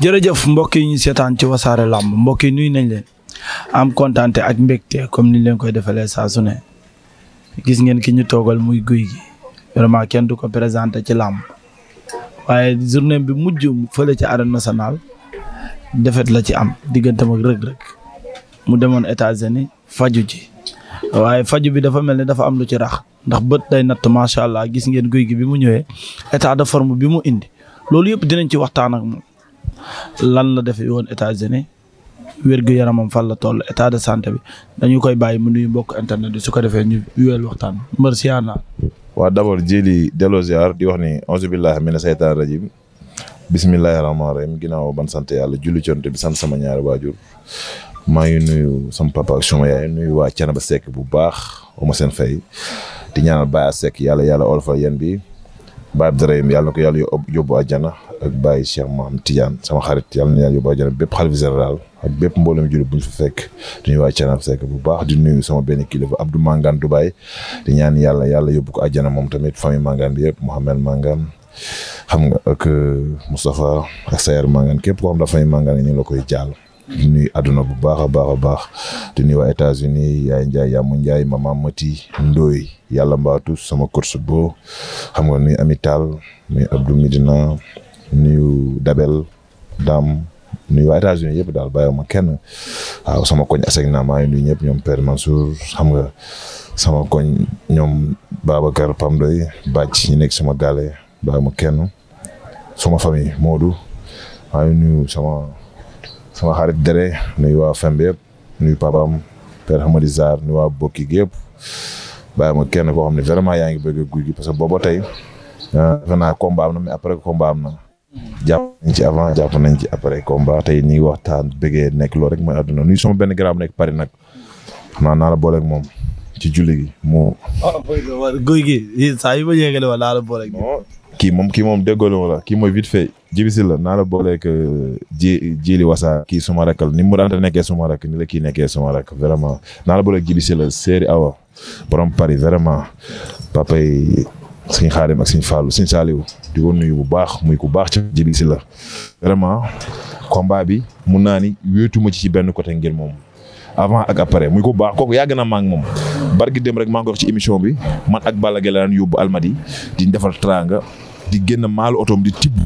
jërëjëf mbokk yi ñu seetaan ci wasaare làmb mbokk yi nuyu nañ leen am kontaan ak mbégte comme niñ leen koy defalee saa gis ngeen ki ñu toogal muy guy gi vraiment kenn du ko présenté ci làmb waaye journée bi mujj fële ci arène nationale defet la ci am digganteem ak rëg mu demoon États-Unis faju ji waaye faju bi dafa mel ni dafa am lu ci rax ndax bët day natt macha allah gis ngeen guy gi bi mu ñëwee état de forme bi mu indi loolu yëpp dinañ ci waxtaan ak moom lan la defee woon États-Unis wér-gu-yaramam fan la toll état de santé bi dañu koy bàyyi mu nuyu mbokk internet bi su ko defee nu wéyal waxtaan mbër si yaa naa waaw d'abord jëli delloo ziar di wax ni auzu billahi mina seytaan rajim bismillahi rahmaani rahim ginnaaw ban sant yàlla julli cont bi sant sama ñaari waajur maa ngi nuyu sama papa ak sama yaay nuyu waa ba sekk bu baax ma seen fay di ñaanal Baye Seck yàlla yàlla olofal yéen bi Baye Abdourahim yàlla na ko yàlla yóbbu àjjana ak bàyyi Cheikh Maam Tidiane sama xarit yàlla na yàlla yóbbu àjjana bépp xalifa général ak bépp mboolem jullit bu ñu fa fekk di nuyu waa Thiénaba Seck bu baax di nuyu sama benn kilifa Abdou Mangane Dubaay di ñaan yàlla yàlla yóbbu ko àjjana moom tamit famille Mangane bi yëpp Mouhamed Mangane xam nga ak euh, Moustapha a Sayar Mangane képp koo xam ne famille Mangane ñu la koy jaal. di nuyu àdduna bu baax a baax a baax di nuyu waa États-Unis yaay njaay yaamu Ndiaye mama Mati Ndoy yàlla mbaatu sama course boo xam nga nuyu Amital nuyu Abdou nuyu Dabel Dame nuyu waa États-Unis yëpp daal bàyyiwuma kenn waaw sama koñ Asegna maa ngi nuyu ñëpp ñoom Père Mansour xam nga sama koñ ñoom Babacar Pam doy bàcc ñi nekk sama gàlle bàyyiwuma kenn sama famille Modou maa ngi nuyu sama sama xarit Dere nuyu waa yëpp nuyu papaam Père Hamadi Zar nuyu waa Bokki gi yëpp bàyyiwuma kenn koo xam ne vraiment yaa ngi bëgg guy gi parce que boobo tey ah, defe naa combat am après combat am na. jàpp nañ ci avant jàpp nañ ci après combat tey ñuy waxtaan bëggee nekk loolu rek mooy àdduna nuyu sama benn garaam nekk pari nag maa naa la booleek moom ci julli gi mu. Ah, guy gi saa yu ma yëngalee wala naa la booleeg. kii moom kii moom déggoo wala kii mooy vite fait jibisi la naa la booleeg euh, ji jili wasaa kii suma rakk la ni mu daan nekkee suma rakk ni la kii nekkee suma rakk vraiment naa la booleeg jibisi la séeri awa borom Paris vraiment papa yi suñu xaadim ak suñu faalu suñu saaliwu di ko nuyu bu baax muy ku baax ci Djiby Sylla vraiment combat bi mun naa ni wéetuma ci ci benn côté ngir moom avant ak appare muy ku baax kooku yàgg na maa ngi moom. barki dem rek maa ngi ci émission bi man ak Balla Gaye la daan yóbbu Almadi di defal teraanga di génn maalu otoom di tibb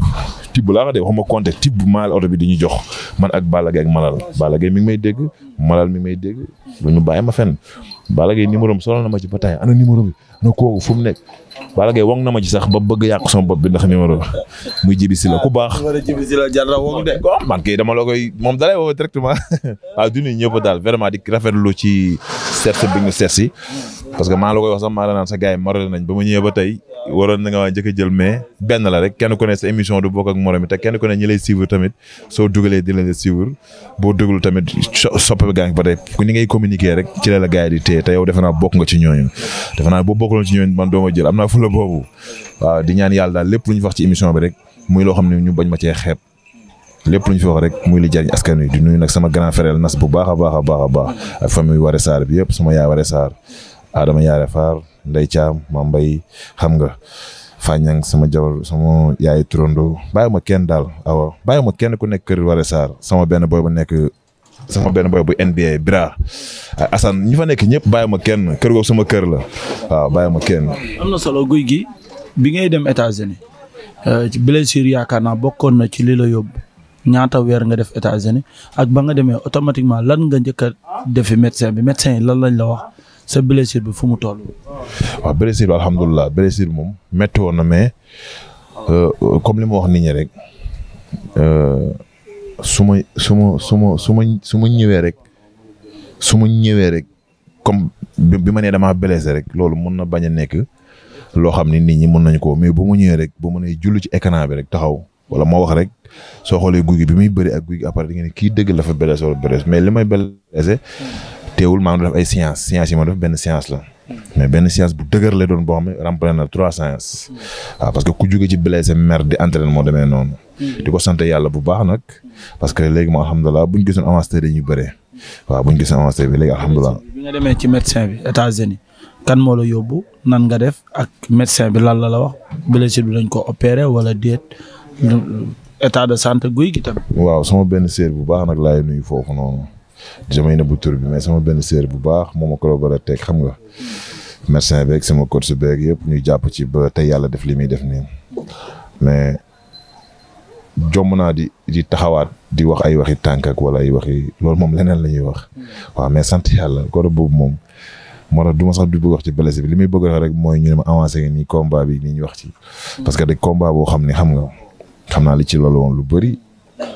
tibb laa wax de waxuma compté tibb maalu oto bi di ñu jox man ak Balla Gaye ak Malal Balla Gaye mi ngi may dégg Malal mi may dégg lu ñu bàyyi ma fenn Balla Gaye numéro solo sonal na ma ci bataay ana numéro bi ana kooku fu ma ci sax ba bëgg yàq sama bopp bi ndax numéro muy jibi si la ku si la jar na wong de. man dama la moom dalay woo directement waaw du nuyu ñëpp daal vraiment di rafetlu ci bi nga seet si la wax sax maa la naan ba tey waroon na nga njëkk a jël mais benn la rek kenn ku ne sa émission du bokk ak moromi te kenn ku ne ñi lay suivre tamit soo dugalee di la suivre boo dugalu tamit soppal gaa ngi ba tey ni ngay communiquer rek ci la la gars yi di téye te yow defe naa bokk nga ci ñooñu defe naa boo bokkuloon ci ñooñu man doo ma jël am naa fula boobu di ñaan yàlla daal lépp lu ñu wax ci émission bi rek muy loo xam ne ñu bañ ma cee xeeb lépp lu ñu wax rek muy li jariñ askan wi di nuyu nag sama grand frère nas bu baax a baax a baax a baax ak famille Waré Sarr bi yëpp sama yaay Waré Sarr Adama Yaare Faar nday Caam Mam Mbay xam nga Fañang sama jabar sama yaay turando bàyyi ma kenn daal awa baay ma kenn ku nekk kër Waré Sarr sama benn bo ba nekk sama benn boy bu NBA Bira ah, Assane ñi fa nekk ñëpp bàyyi ma kenn kër googu sama kër la waaw bàyyi ma kenn. am na solo guy gi bi ngay dem États-Unis euh, ci blessure yaakaar naa bokkoon na ci li la yóbbu ñaata weer nga def États-Unis ak ba nga demee automatiquement lan nga njëkk a defi médecin bi médecin yi lan lañ la wax sa blessure bi fu mu toll. waaw blessure bi alhamdulilah moom métti woon na mais euh, comme li ma wax nit rek. Euh, su ma su ma su ma su ma su ma ñëwee rek su ma ñëwee rek comme bi ma nee damaa blessé rek loolu mën na bañ a nekk loo xam ni nit ñi mun nañ koo mais bu mu ñëwee rek bu ma nee jullu ci écran bi rek taxaw wala moo wax rek soo xoolee guy gi bi muy bëri ak guy gi après di ngeen kii dëgg la fa blessé wala blessé mais li may blessé hmm. teewul maa ngi ay séance séance yi ma benn séance la. mais benn séance bu dëgër lay doon boo xam ne rempli na trois séances. waaw ah, parce que ku jóge ci blessé mer di entraîné moo demee noonu. di ko sant yàlla bu baax nag. parce que léegi moom alhamdulilah bu ñu gisoon avance tey dañuy bëree. waaw bu ñu gisoon avance tey bi léegi alhamdulilah. bi nga demee ci médecin bi États-Unis kan moo la yóbbu nan nga def ak médecin bi lan la la wax blessure bi dañ ko opéré wala déet. état de santé guy gi tamit. waaw sama benn séer bu baax nag laay nuyu foofu noonu. damay nëbbu tur bi mais sama benn séer bu baax moo ma collaboré teg xam nga. médecin beeg sama coach beeg yëpp ñu jàpp ci ba tey yàlla def li muy def nii mais jomm naa di di taxawaat di wax ay waxi tànk ak wala ay waxi loolu moom leneen la ñuy wax. waaw mais sant yàlla góor boobu moom. moo tax du ma sax di bëgg wax ci blessé bi li muy bëgg wax rek mooy ñu ne ma avancé nga nii combat bi ni ñu wax ci. parce que de combat boo xam ni xam nga xam naa li ci loolu woon lu bëri.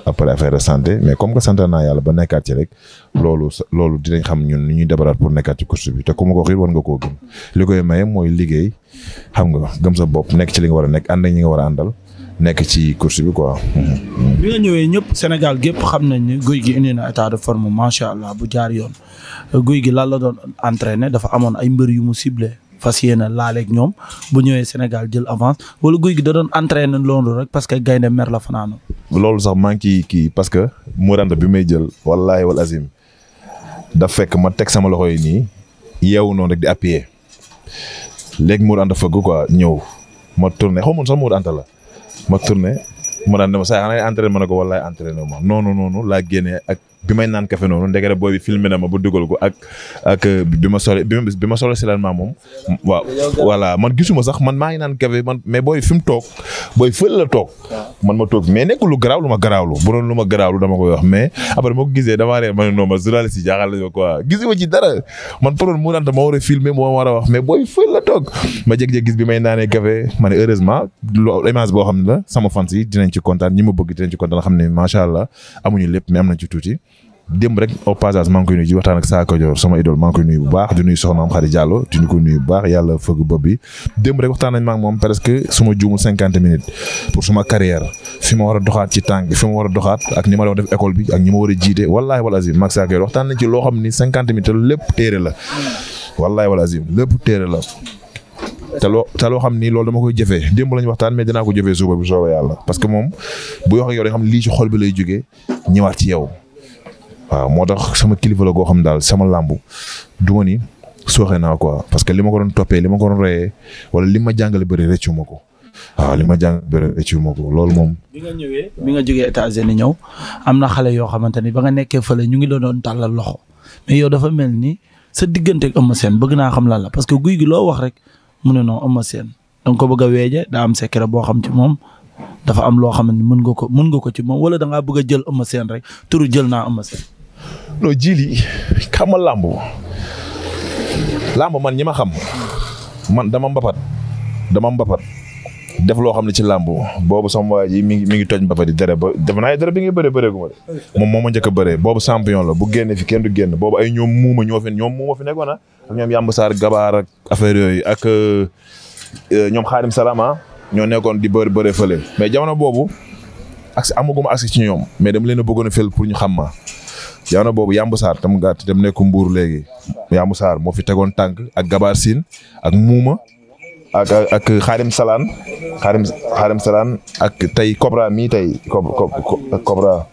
après affaire santé mais comme que sant naa yàlla ba nekkaat ci rek loolu loolu dinañ xam ñun ni ñuy defaraat pour nekkaat ci course bi te ku ma ko wax war nga koo gëm li koy may mooy liggéey xam nga gëm sa bopp nekk ci li nga war a nekk ànd war a nekk ci course bi quoi. bi ñëwee ñëpp Sénégal gépp xam nañ ne guy gi indi na état de forme macha allah bu jaar yoon guy gi lan la doon entraîné dafa amoon ay mbër yu mu sible fas yéene laaleeg ñoom bu ñëwee Sénégal jël avance wala guy gi da doon entraîné loolu rek parce que gaynde mer la fanaanoo loolu sax maa ngi kii parce que Moranta bi may jël wallaahi wal azim daf fekk ma teg sama loxo yi nii yeewu noonu rek di appuyer léegi Moranta fëgg ko ñëw ma tourné xaw ma sax Moranta la ma tourné Moranta ma saa xanaa entraîné ma ne ko wallaahi entraîné ma noonu noonu laa génne ak. bi may naan kafe noonu ndekete booy bi filmé na ma ba dugal ko ak ak bi ma solo bi ma solo silan ma moom waaw voilà man gisuma sax man maa ngi naan kafe man mais booy fi mu toog booy toog man ma toog mais nekkul lu lu ma garaawlu bu doon lu ma garaawlu dama koy wax mais après ma gisee damaa ma ne non ma journaliste yi jaaxal nañu quoi gisuma ci dara man pour mu naan ma a moo war a wax mais booy fël la toog ma jégjég gis bi may naanee kafe ma ne heureusement loolu boo xam ne la sama fans yi dinañ ci kontaan ñi ma bëgg dinañ ci kontaan xam ne macha allah amuñu lépp mais am nañ ci tuuti démb rek au passage maa ngi koy nuyu ci waxtaan ak Saa Kajoor sama idole bu baax di nuyu soxna am Xadi Diallo di bu baax yàlla fëgg bopp bi démb rek waxtaan nañ ma ak moom presque suma juumul cinquante minutes pour suma carrière fi ma war a doxaat ci tànk fi ma war a doxaat ak ni ma doon def école bi ak ñi ma war a jiite wallaahi wala azim maag Saa Kajoor waxtaan nañ ci loo xam ni cinquante minutes lépp téere la wallaahi wala azim lépp téere la te loo te loo xam ni loolu dama koy jëfee démb lañ waxtaan mais dinaa ko jëfee suba bu soobee parce que moom bu wax ak yow da bi lay jógee ñëwaat ci yow waaw moo tax sama kilifa la goo xam daal sama làmb du ma ni sooxe naa quoi parce que li ma ko doon toppee li ma ko doon wala li ma jàngale bëri rëccu ma ko waaw li ma jàng bëri rëccu ma ko loolu moom. bi nga ñëwee bi nga jógee États-Unis ñëw am na xale yoo xamante ni ba nga nekkee fële ñu ngi doon doon tàllal loxo mais yow dafa mel ni sa digganteeg Eumeu seen bëgg naa xam lan la parce que guy gi loo wax rek mu ne non Eumeu Sène danga ko bëgg a weeje daa am secret boo xam ci moom. dafa am loo xam ne mën nga ko mën nga ko ci moom wala da bëgg a jël Eumeu Sène rek turu jël naa Eumeu Sène non jili xamal làmb làmb man ñi ma xam man dama mbapat dama mbapat def loo xam ne ci làmb boobu sama waa mi ngi mi ngi toj mbapat di dere ba def naa dere bi nga bëree bëree gu ma moom moo ma njëkk a bëree boobu champion la bu génne fi kenn du génn boobu ay ñoom muuma ñoo fi ñoom muuma fi nekkoon ah. ñoom yàmb saar gabaar ak affaire yooyu ak euh, ñoom xaarim salama ah. ñoo nekkoon di bëri bëri fële mais jamono boobu accès amaguma accès ci ñoom mais dama leen a bëggoon a fël pour ñu xam ma ah. jamono boobu Yambousaar tam tam nekk Mbour léegi Yambousaar moo fi tegoon tànk ak Gabar Sine ak Muuma ak ak Xaarim Salaan Xaarim Xaarim Salaan ak tey Cobra mii tey Cobra.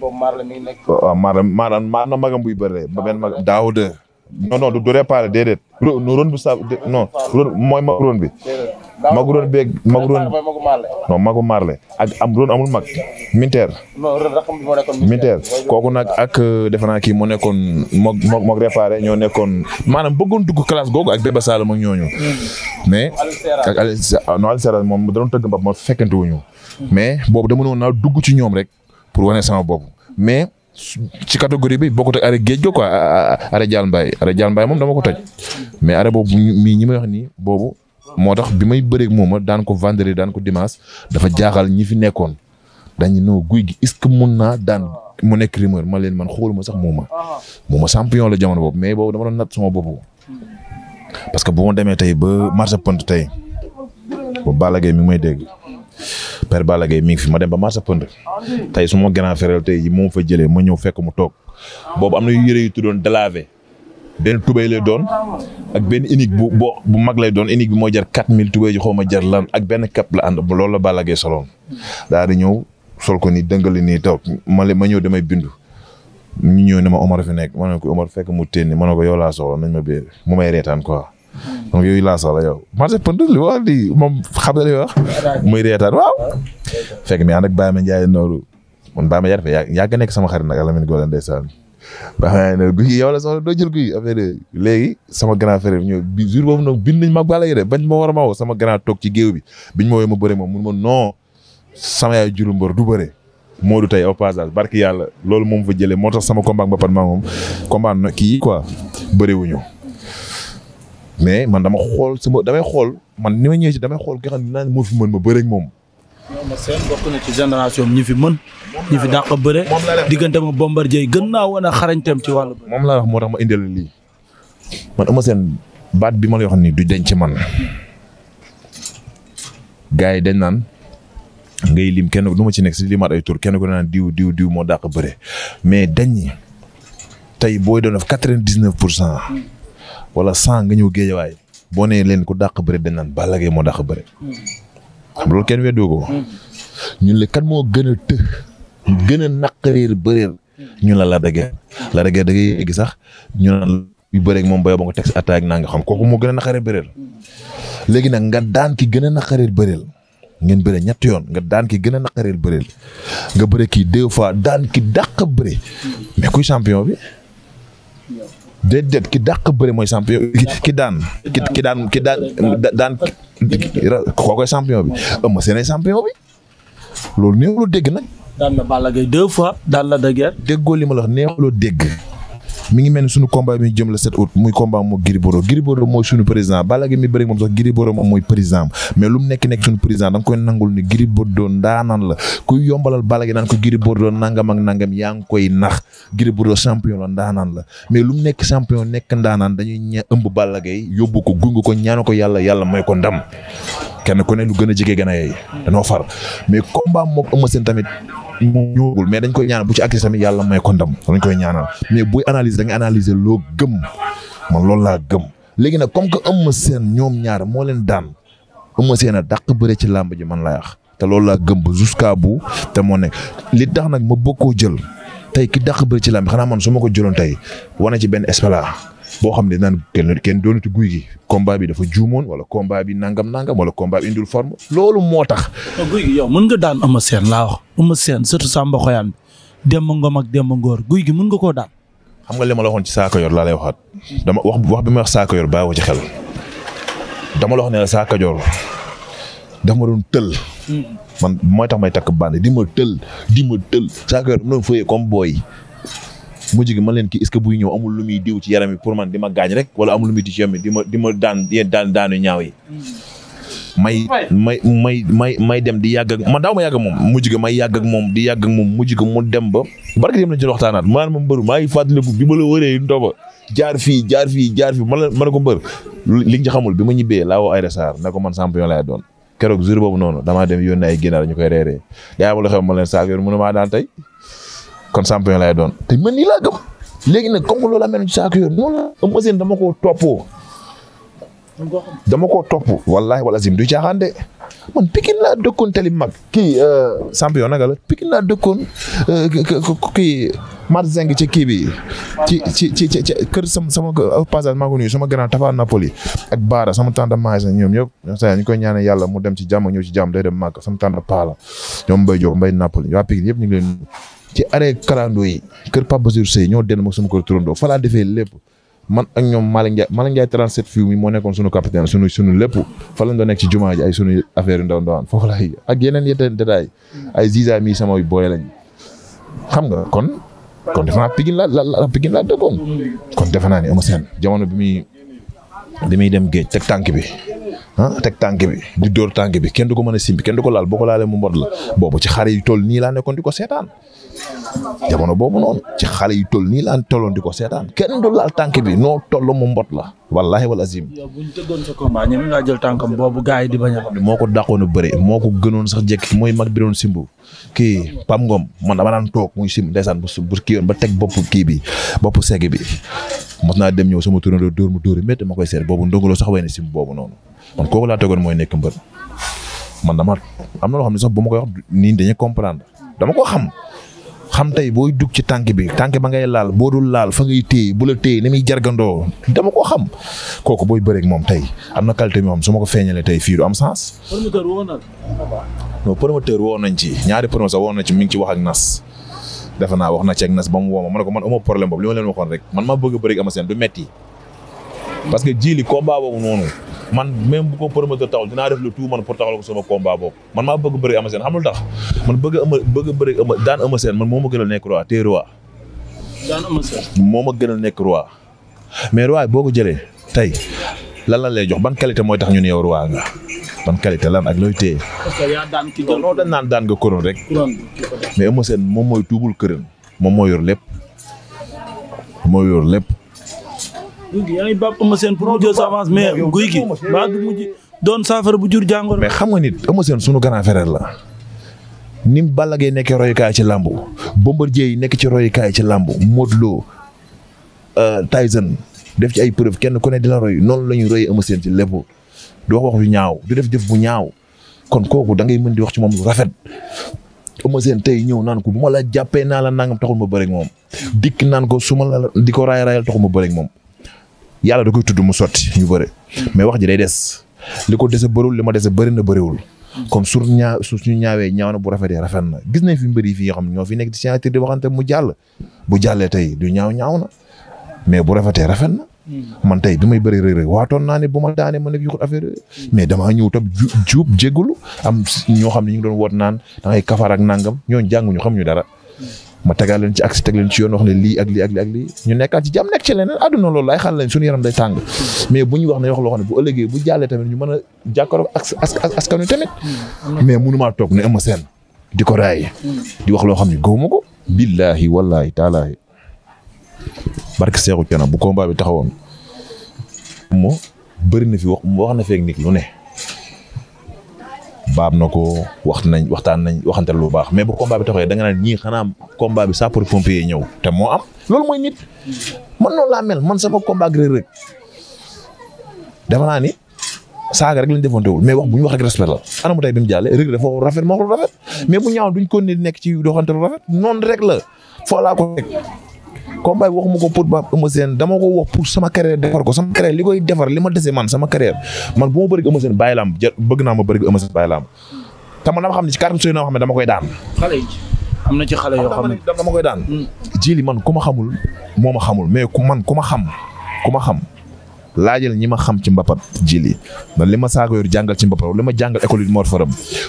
waaw maanaam maanaam maanaam magam daaw de. non non du réparé déedéet. ron bu sa non ron bi. magu doon beeg magu doon non magu marle ak am doon amul mag minteer minteer kooku nag ak euh, defe naa kii moo nekkoon moog moog moog réparé ñoo nekkoon maanaam bëggoon dugg classe googu ak Bébé Saloum ak ñooñu hmm. mais ak Aliou ah, non moom da doon tëgg mbab ma fekkante wuñu hmm. mais boobu dama noon naa dugg ci ñoom rek pour wane sama bopp mais ci catégorie bi bokkut ak are géej ga quoi are jaal mbaay are jaal mbaay moom dama ko toj hmm. mais are boobu mii ñi may wax boobu moo tax bi may bëreeg moom daan ko vendredi daan ko dimanche dafa jaaxal ñi fi nekkoon dañ noo guy gi est mun naa daan mu nekk rumeur ma leen man xooluma sax mooma mooma champion la jamono boobu mais boobu dama doon natt sama bopp. parce que bu ma demee tey ba marché pënd tey ba Balla Gaye mi may dégg père Balla mi ngi fi ma dem ba marché pënd tey su ma grand tey yi moom fa jëlee ma ñëw fekk mu toog boobu am na yu yëre yu tuddoon délavé benn tubéy lay doon ak benn unique bu boo bu mag lay doon unique bi moo jar quatre mille tubéy ji xaw ma jar ak benn cap la ànd loolu la Balla Gaye soloon daa di ñëw sol ko nii dëngali nii taw ma ma ñëw damay bindu ñu ñëw ne ma Omar fi nekk ma ne ko Omar fekk mu ténni ma ne ko yow laa soxla nañ ma bee mu may reetaan yooyu laa soxla yow marché pënd li wax di moom xam nga li wax muy reetaan waaw fekk mi ànd ak Baye Mandiaye noonu man Baye Mandiaye dafa yàgg nekk sama xarit nag Alamine Golane ndeysaan ba xam ne guy yow la soxla doo jël guy affaire léegi sama grand frère ñëw bi boobu nag bind nañ ma Balla Gaye de bañ ma war a ma woo sama grand toog ci géew bi biñ ma woowee ma bëre moom mun ma non sama yaay juru mbër du bëre Modou tey au passage barki yàlla loolu moom fa jëlee moo tax sama combat ba pat maa moom combat na kii quoi wu wuñu mais man dama xool sama damay xool man ni ma ñëwee ci damay xool ki xam ne dinaa moo fi mën ma bëre moom. Eumeu Sène bokk ñi fi mën ñi fi dàq bëre diggante ma bombar Bombardier gën naa woon a xarañteem ci wàll moom laa wax moo tax ma indil lii man Eumeu Sène baat bi ma la wax nii du denc man gars yi dañ naan ngay lim kenn du ma ci nekk si lii ay tur kenn ko naan diw diw diw moo dàq bëre mais dañ tey booy doon def quatre-vingt-dix-neuf pour cent wala cent nga ñëw géejawaay boo nee leen ku dàq bëre dañ naan Balla Gaye moo dàq bëre xam loolu kenn weddu ko. ñun la kan moo gën a të. gën a naqareer bëreer. ñu la la dëgër. la dëgër da ngay yegg sax ñu naan yu bëreeg moom ba nga teg si attaque naa nga xam kooku moo gën a naqareer bëreer. léegi nag nga daan ki gën a naqareer bëreer. ngeen bëre ñetti yoon nga daan ki gën a naqareel bëreel nga bëre kii deux fois daan ki dàq bëre mais kuy champion bi. déedéet ki dàq bëre mooy champion ki daan ki ki daan ki daan daan koo koy bi Eumeu Sène bi loolu néew lu dégg nag. daan na Balla fois daan la dëgër. déggoo li ma la wax dégg. mi ngi mel ni sunu combat bi ñu jëm la 7 août muy combat moo Gris Bordeaux Gris Bordeaux mooy sunu président Balla Gaye mi bëri moom sax Gris Bordeaux moom mooy président mais lu mu nekk nekk sunu président da koy nangul ni Gris Bordeaux ndaanaan la kuy yombalal Balla Gaye ko Gris Bordeaux nangam ak nangam yaa ngi koy nax Gris Bordeaux champion la ndaanaan la mais lu mu nekk champion nekk ndaanaan dañuy ña ëmb Balla Gaye yóbbu ko gungu ko ñaana ko yàlla yàlla may ko ndam kenn ku ne lu gën a jege gën a yey danoo far mais combat moom Eumeu Sène tamit mu ñëwagul mais dañ koy ñaanal bu ci agsi tamit yàlla may kon ndam dañ koy ñaanal mais buy analyse da nga analyser loo gëm man loolu laa gëm léegi nag comme que Eumeu seen ñoom ñaar moo leen daan Eumeu Sène a daq bëre ci làmb ji man laa yàq te loolu laa gëm ba jusqu'à bu te moo nekk li tax nag ma bëgg koo jël tey ki dàq bëre ci làmb xanaa man su ma ko jëloon tey wane ci benn espala boo xam ne naan kenn kenn doonati guy gi combat bi dafa juumoon wala combat bi nangam nangam wala combat bi indul forme loolu moo tax. Oh, guy gi yow mën nga daan Eumeu Sène laa wax Eumeu Sène surtout Samba Xoyaan Demba Ngom ak Demba Ngor guy gi mën nga koo daan. xam nga li ma la waxoon ci saako yor laa waxaat dama wax wax bi ma wax saako yor bàyyi ci xel dama la wax ne la saako yor daf ma doon tël. Hmm. man mooy tax may takk bànn di ma tël di ma tël saako comme booy. mujj gi man leen kii est-ce que buy ñëw amul lu muy diw ci yaram yi pour man di ma gaañ rek wala amul lu muy diw ci yaram di ma di ma daan daan ñaaw yi. may may may may may dem di yàgg ak man daaw ma yàgg moom mujj ga may yàgg ak moom di yàgg ak mujj ga mu dem ba barke dem nañ ci ma maanaam ma mbër maa ngi fàttaliku bi ma la wëree ndoba jaar fii jaar fii jaar fii man la man ko mbër li nga ci xamul bi ma ñibbee laa woo Aïda Sarr ne ko man champion laay doon keroog jour boobu noonu damaa dem yónnee ay a ñu koy reeree yaa ma la xew ma leen maa daan tey kon champion lay doon te man nii laa gëm léegi nag comme que loolu amee na ci saako yoon noonu la Eumeu Sène dama koo toppoo. dama koo topp. wallaahi wala zim du caaxaan de man Pikine laa dëkkoon tali mag. kii euh, champion nag la Pikine laa dëkkoon euh, kii Mar Zeng ci kii bi ci ci ci ci kër sama sama passage maa ko nuyu sama grand Tafa Napoli ak Baara sama tante Maïs ñoom ñëpp ñoom saa ñu koy ñaanal yàlla mu dem ci jàmm ñëw ci jàmm day dem mag sama tante Paala ñoom Mbaye Diop Mbaye Napoli waa Pikine yëpp ñu ngi leen ci arrêt karando yi kër Pape Basir Seye ñoo dellu ma suñu kër turandoo fa defee lépp man a ñoom Malick Ndiaye Malick Ndiaye 37 fii mi moo nekkoon sunu capitaine sunu sunu lépp fa lañ doon nekk ci jumaa ay sunu affaire yu ndaw ndawaan foofu laay ak yeneen yeneen détail ay ziza mi sama booy lañ xam nga kon kon defe a Pikine la la la laa dëkkoon kon defe naa ne Eumeu Sène jamono bi muy bi dem géej teg tànk bi ah teg tànk bi di dóor tànk bi kenn du ko mën a simbi kenn du ko laal boo ko laalee mu mbot la boobu ci xale yu toll nii laa nekkoon di ko seetaan jamono boobu noonu ci xale yi toll nii laa tolloon di ko seetaan kenn du laal tànk bi noo toll mu mbot la wallahi wal azim. yow bu ñu tëggoon sa combat ñoom nga jël tànkam boobu yi di a moo ko dàqoon bëri moo ko gënoon sax jekk mooy mag bi doon simbu kii Pam Ngom man dama daan toog muy sim ndeysaan bu bu kii ba teg bopp kii bi bopp segg bi mos naa dem ñëw sama tournée dóor mu dóor métti ma koy seet boobu sax way na boobu noonu man kooku laa tegoon mooy nekk mbër man dama am na loo xam ne sax bu ma koy wax nii dañuy comprendre dama ko xam xam tey booy dugg ci tànk bi tànk ba ngay laal boo dul laal fa ngay téye bu la téye ni muy jargandoo dama ko xam kooku booy bëreeg moom tey am na qualité moom su ma ko feeñalee tey fii du am sens. promoteur woo na non promoteur nañ ci ñaari promoteur woo nañ ci mi ngi ci wax ak nas. defe naa wax na ci ak nas ba mu woo ma ma ne ko man amoo problème leen waxoon rek man ma bëgg a bëreeg ama seen du metti parce que jiili combat boobu noonu. man même bu ko promoteur taxul dinaa def le tout man pour taxal ko sama combat boobu man maa bëgg bëri Eumeu Sène xam tax man bëgg a bëgg a bëri daan Eumeu Sène man moo ma gënal nekk roi te roi. daan moo ma gënal nekk roi mais roi boo ko jëlee tey lan lan lay jox ban qualité mooy tax ñu ne yow roi nga ban qualité lan ak looy téye. parce a yaa daan ki jël. rek. mais Eumeu Sène moom mooy tuubul këram moom moo yor lépp yor lépp. guy gi yaa ngi bàpp Eumeu Sène pour mu jël sa avance doon saafara bu jur jàngoro. xam nga nit Eumeu Sène sunu grand frère la. ni mu Balla Gaye nekkee royukaay ci làmb Bombardier yi nekk ci royukaay ci làmb Modou Lo euh, Tyson def ci ay preuve kenn ku ne di la roy noonu la ñuy royee Eumeu Sène ci lépp du wax wax ñaaw du def jëf bu ñaaw kon kooku da ngay mën di wax ci moom lu rafet. Eumeu Sène tey ñëw naan ko bu ma la jàppee naa la nangam taxul ma bëre ak moom dikk naan ko su ma la di ko raay raayal taxul ma bëre ak moom. yàlla da koy tudd mu sotti ñu bëre mais wax ji day des li ko dese bëriwul li ma dese bëri na bëriwul comme suuf ñaa suuf ñu ñaawee ñaaw na bu rafetee rafet na gis nañ fi mbër yi fi nga xam ñoo fi nekk ci signature di mu jàll bu jàllee tey du ñaaw ñaaw na mais bu rafetee rafet na man tey bi may bëri rëy rëy waatoon naa ne bu ma daanee ma nekk yu ko affaire mais damaa ñëw tam juub jégalu am ñoo xam ne ñu ngi doon woot naan da ngay kafaar ak nangam ñooñu jànguñu xam ñu dara ma tegaat leen ci aksi teg leen ci yoon wax ne lii ak lii ak ñu nekkaat ci jàmm nekk ci leneen àdduna loolu laay xal lañ suñu yaram day tàng mais bu ñu wax ne wax loo xam ne bu ëllëgee bu jàllee tamit ñu mën a jàkkaaroo ak askan wi tamit mais mënumaa toog ne Eumeu Sène di ko raay di wax loo xam ne gëwuma ko billaahi wallaahi taalaahi barke seexu cana bu combat bi taxawoon mo bëri na fi wax wax na feek nit lu ne baab na ko wax nañ waxtaan nañ waxante lu baax mais bu combat bi taxawee da nga naan ñii xanaa combat bi sapeur pompier ñëw te moo am loolu mooy nit man noonu laa mel man sama combat rek rek dama naa ni saaga rek lañ defantewul mais wax bu ñu wax rek respect la anamu tey bi mu jàllee rek dafa rafet ma bu ñaaw duñ ko nekk ci doxante lu rafet noonu rek la foo laa ko teg combat bi waxuma ko pour ba Eumeu Sène dama ko wax pour sama carrière defar ko sama carrière li koy defar li ma dese man sama carrière man bu ma bëri Eumeu Sène bàyyi laam bëgg naa ma bëri Eumeu Sène laam te man xam ne ci carte suy na xam ne dama koy daan. xale am na ci xale yoo xam ne dama koy daan. Mm. jili man ku ma xamul moo ma xamul mais ku man ku ma xam ku ma xam. laajal ñi ma xam ci mbapat jili man li ma saago yor jàngal ci mbapat li ma jàngal école yi moo faram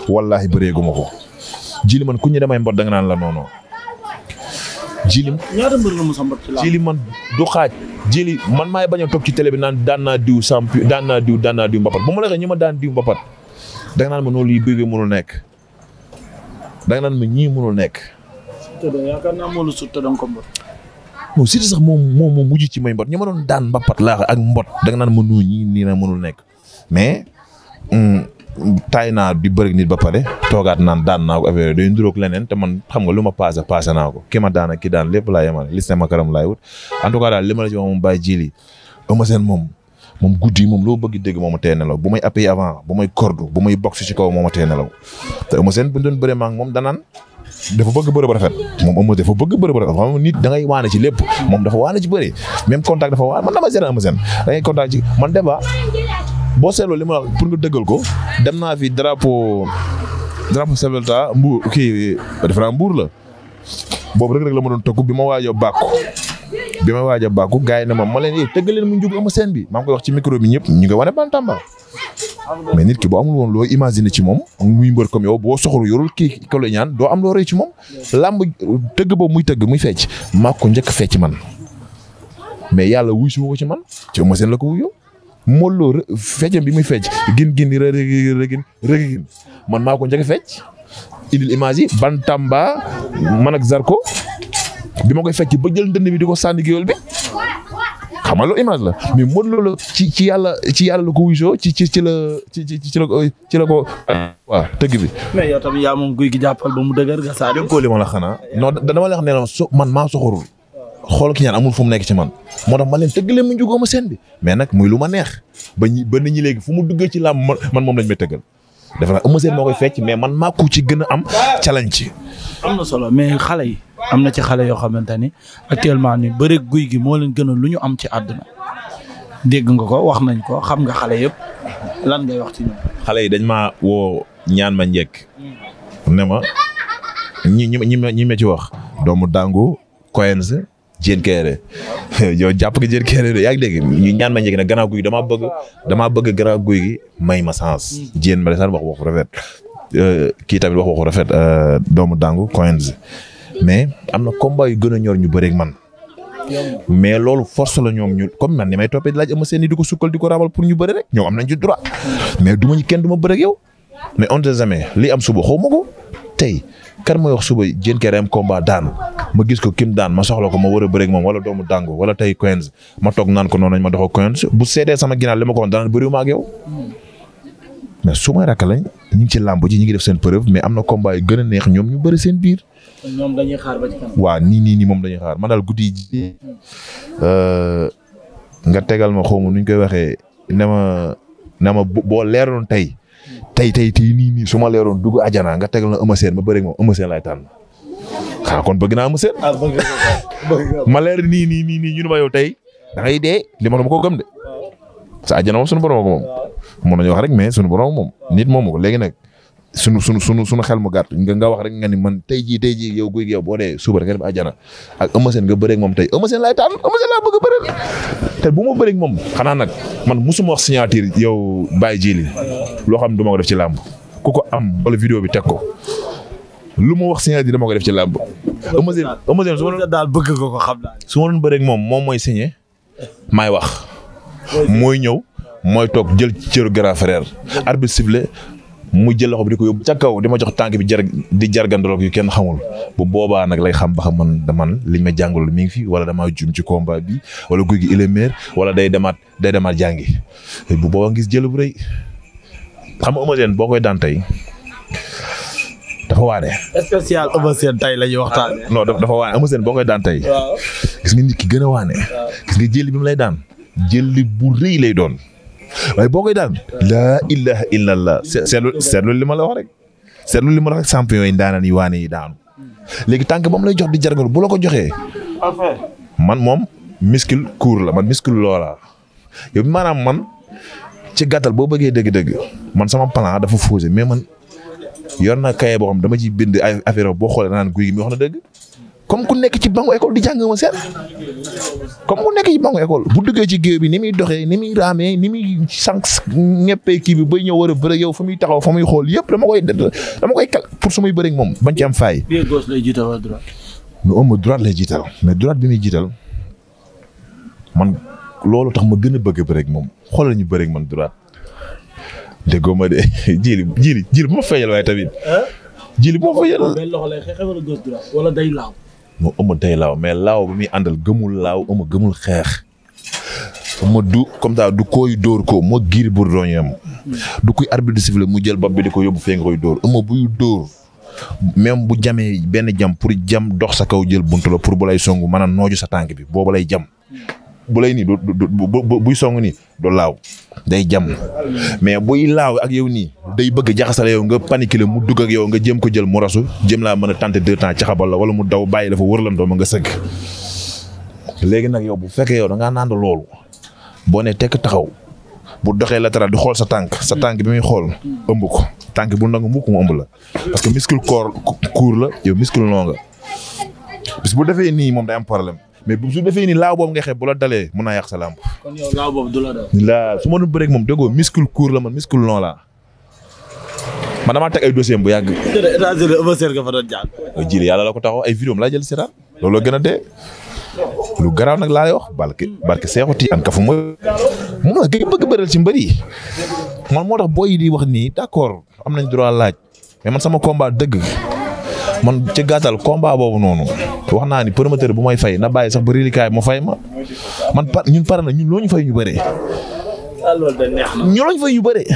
wallaahi bëreegu ma ko jili man ku ñu damay mbot da nga naan la noonu jili ñaata man du xaaj jili man maay bañ a ci télé bi naan daan naa diw champion daan diw daan naa diw mbapat bu ma la waxee ñi ma daan diw mbapat da naan ma noonu lii bëggee mënul nekk da nga naan ma ñii mënul nekk. Siteu moo la sut te ko mbot. non sax moom moom moo mujj ci may mbot ñi ma doon daan mbapat laa ak mbot da nga naan ma noonu ñii nii na mënul nekk mais. Hmm, taay naa di bëri nit ba pare toogaat naan daan naa ko affaire day nduróog leneen te man xam nga lu ma paase paase naa ko ki ma daan ak ki daan lépp laa yemale li sama karam laay wut en daal li ma la ci moom bàyyi jili Eumeu Sène moom guddi moom loo bëgg dégg mooma tee nelaw bu may appui avant bu may corde bu may boxe ci kaw mooma tee nelaw te Eumeu Sène bu bëree maa moom danaan dafa bëgg bërëb rafet moom da ngay waane ci lépp moom dafa waane ci bëri même contact dafa waane man da ngay contact ci boo seetloo li ma pour nga dëggal ko dem naa fi drapeau drapeau Sébélta Mbour kii defe naa Mbour la boobu rek rek la ma doon tëggu bi ma waaj a bàkku bi ma waaj a bàkku gars yi ne ma ma leen yee eh, leen mu njug ama seen bi maa ngi wax ci micro bi ñëpp ñu ngi wane bantamba mais nit ki boo amul woon loo imaginer ci moom muy mbër yow boo soxoru yorul kii ko la ñaan doo am loo rëy ci moom làmb tëgg boobu muy tëgg muy fecc maa njëkk fecc man mais yàlla wuy si ko man ci ama seen la ko wuyu Modou Lo feccam bi muy fecc gin gin rëgin rëgin man maa ko njëkk a fecc idil image Bantamba man ak Zarko bi ma koy fecc ba jël ndënd mi di ko sànni géwél bi xam loo loolu image la mais Modou loo ci ci yàlla ci yàlla la ko wuyusoo ci ci ci la ci ci ci la ko ci la ko waaw tëgg bi. mais yow tamit yaa moom guy gi jàppal ba mu dëgër nga saa. déggoo li ma la xanaa non dama la wax ne la man maa soxorul. xool ki ñaan amul fu mu nekk ci man moo tax man leen tëggalee mu njugoo ma seen bi mais nag muy lu ma neex ba ñi ba nit ñi léegi fu mu duggee ci làmb man moom lañ may tëggal dafa naa Eumeu Sène moo koy fecc mais man maa ko ci gën a am challenge ci. am na solo mais xale yi am na ci xale yoo xamante ni actuellement ni bëre guy gi moo leen gën a lu ñu am ci àdduna dégg nga ko wax nañ ko xam nga xale yëpp lan ngay wax ci ñoom. xale yi dañ maa woo ñaan ma njëkk ne ma ñi ñi ñi ma ci wax doomu dàngu Coense Diène Kairé yow jàpp nga Diène Kairé de yaa ngi dégg ñu ñaan ma njëkk nag gannaaw guy damaa bëgg damaa bëgg gannaaw guy may ma sens. Diène ma desaan wax waxu rafet euh, kii tamit wax waxu rafet euh, doomu dàngu Coins mais am na combat yu gën a ñor ñu bëreeg man. mais loolu force la ñoom ñu comme man ni may toppee di laaj am seen i di ko sukkal di ko raamal pour ñu bëri rek ñoom am nañ ci droit mais du ma kenn du ma bëri yow mais on ne li am suba xaw ma ko tey kan mooy wax suba Diène Kairé am daan ma gis ko kim daan ma soxla ko ma war a moom wala doomu dango wala tey Quench ma toog naan ko noonu nañ ma doxoo Quench bu seetee sama ginnaaw li ma ko wax su ma lañ ñu ngi ci làmb ji ñu ngi def seen preuve mais am na combat yu neex ñoom ñu bari seen biir. ñoom dañuy waa nii nii nii moom dañuy xaar man daal guddi ji. Euh, nga tegal ma xaw nuñ koy waxee ne ma ne ma boo leeroon tey. tey tey ti nii nii suma leeroo leeroon dugg ajana nga tegal na Eumeu Sène ma bëri moom Eumeu Sène lay tànn xanaa kon bëgg naa Eumeu ah, ma leer nii nii nii nii ñu tey da ngay dee li ma dama ko gëm de sa ajana moom suñu borom ko moom ah. mën nañu wax rek mais sunu borom moom nit moom ko léegi nag sunu sunu sunu sunu xel mu gàtt nga nga wax rek nga ni man tey jii tey ji yow guy gi yow boo dee suba nga dem àjjana ak Eumeu Sène nga bëree moom tey Eumeu Sène laay tànn Eumeu Sène laa bëgg a te bu ma bëree moom xanaa nag man musuma wax signature yow Baye Djili loo xam ne du ko def ci làmb ku ko am wala vidéo bi teg ko lu ma wax signature dama ko def ci làmb. Eumeu Sène Eumeu Sène su bëgg xam naa. su ma moom moom mooy signé may wax. mooy ñëw mooy toog jël cëru grand frère arbitre sifflé mu jël loxo di ko yóbbu ca kaw di ma jox tànk bi jar di jargandoloog yu kenn xamul bu boobaa nag lay xam ba xam man da man liñ ma jàngalul mi ngi fi wala damaa jum ci combat wala guy gi ilemeer wala day demaat day demaat jàngi bu boobaa ngis jël bu rëy xam ama homogène boo koy daan tey dafa waane. spécial homogène tey la ñuy waxtaan. non dafa waane homogène boo koy daan tey. nga nit ki gën a waane. gis nga jël lay daan jël bu rëy lay doon. waaye boo koy daan laa ilaha illa li ma la wax rek seetlu li ma la wax rek champion yi daanaan yi waane yi daanu léegi tànk ba mu lay jox di jargal bu la ko joxee man moom muscle court la man muscle loola yow maanaam man ci gàttal boo bëggee dëgg-dëgg man sama plan dafa fausé mais man yor na kaye boo xam dama ci bind affaire boo xoolee naan guy gi mi wax dëgg comme ku nekk ci bangu école di jàng ma nekk ci bangu école bu duggee ci géew bi ni muy doxee ni muy raamee ni muy sànq ñeppee kii bi bay ñëw war a bëre yow fa muy taxaw fa muy xool yëpp dama koy dama koy kal pour su muy bëre moom bañ ci am faay. pied lay jiital wala droite. nu ëmb droite lay jiital mais droite bi muy jiital man loolu tax ma gën a bëgg bëre ak moom xoolal ñu bëre ak man droite. déggoo ma de jiili jiili jiili bu ma fayal waaye tamit. jiili bu ma fayal. wala day laaw. moo ëmma tey laaw mais laaw ba muy àndal gëmul laaw ëmma gëmul xeex ma du comme ça du koy dóor ko ma giir bur dooñeem du kuy arbitre sifflé mu jël bopp bi di ko yóbbu fee nga koy dóor ëmma buy dóor même bu jamee benn jam pour jam dox sa kaw jël buntu la pour bu lay songu mën a nooju sa tànk bi boobu lay jam bu lay nii du du bu buy song nii du laaw day jam mais buy laaw ak yow nii day bëgg jaxasale yow nga paniqué mu dugg ak yow nga jëm ko jël mu rasu jéem laa mën a tenter deux temps caxabal la wala mu daw bàyyi la fa wërlandoo ma nga sëgg. léegi nag yow bu fekkee yow da ngaa naan loolu boo ne tekk taxaw bu doxee la latéral di xool sa tànk sa tànk bi muy xool ëmb ko tànk bu nangu mukk mu la parce que muscle corps la yow muscle long nga bis bu defee nii moom day am mais bu su defee ni laa boobu nga xeeb bu la dalee mën naa yàq sa làmb. kon yow laaw boobu la laa su ma doon bëreeg moom déggoo muscle court la man muscle long laa. man damaa teg ay dossier bu yàgg. jërëjëf états-unis Eumeu yàlla la ko taxaw ay vidéo laa jël si daal loolu gën a dee. lu garaaw nag laa lay wax barke barke Seexu Tijaan ka fu mu. moom la gën bëgg bëral ci mbër man moo tax booy yi di wax nii d'accord am nañ droit laaj mais man sama combat dëgg. man ci gàttal combat boobu noonu wax naa ni promoteur bu may fay na bàyyi sax ba relikaay mu fay ma man par ñun pare na ñun loo ñu fay ñu bëree. ah loolu fay ñu bëree.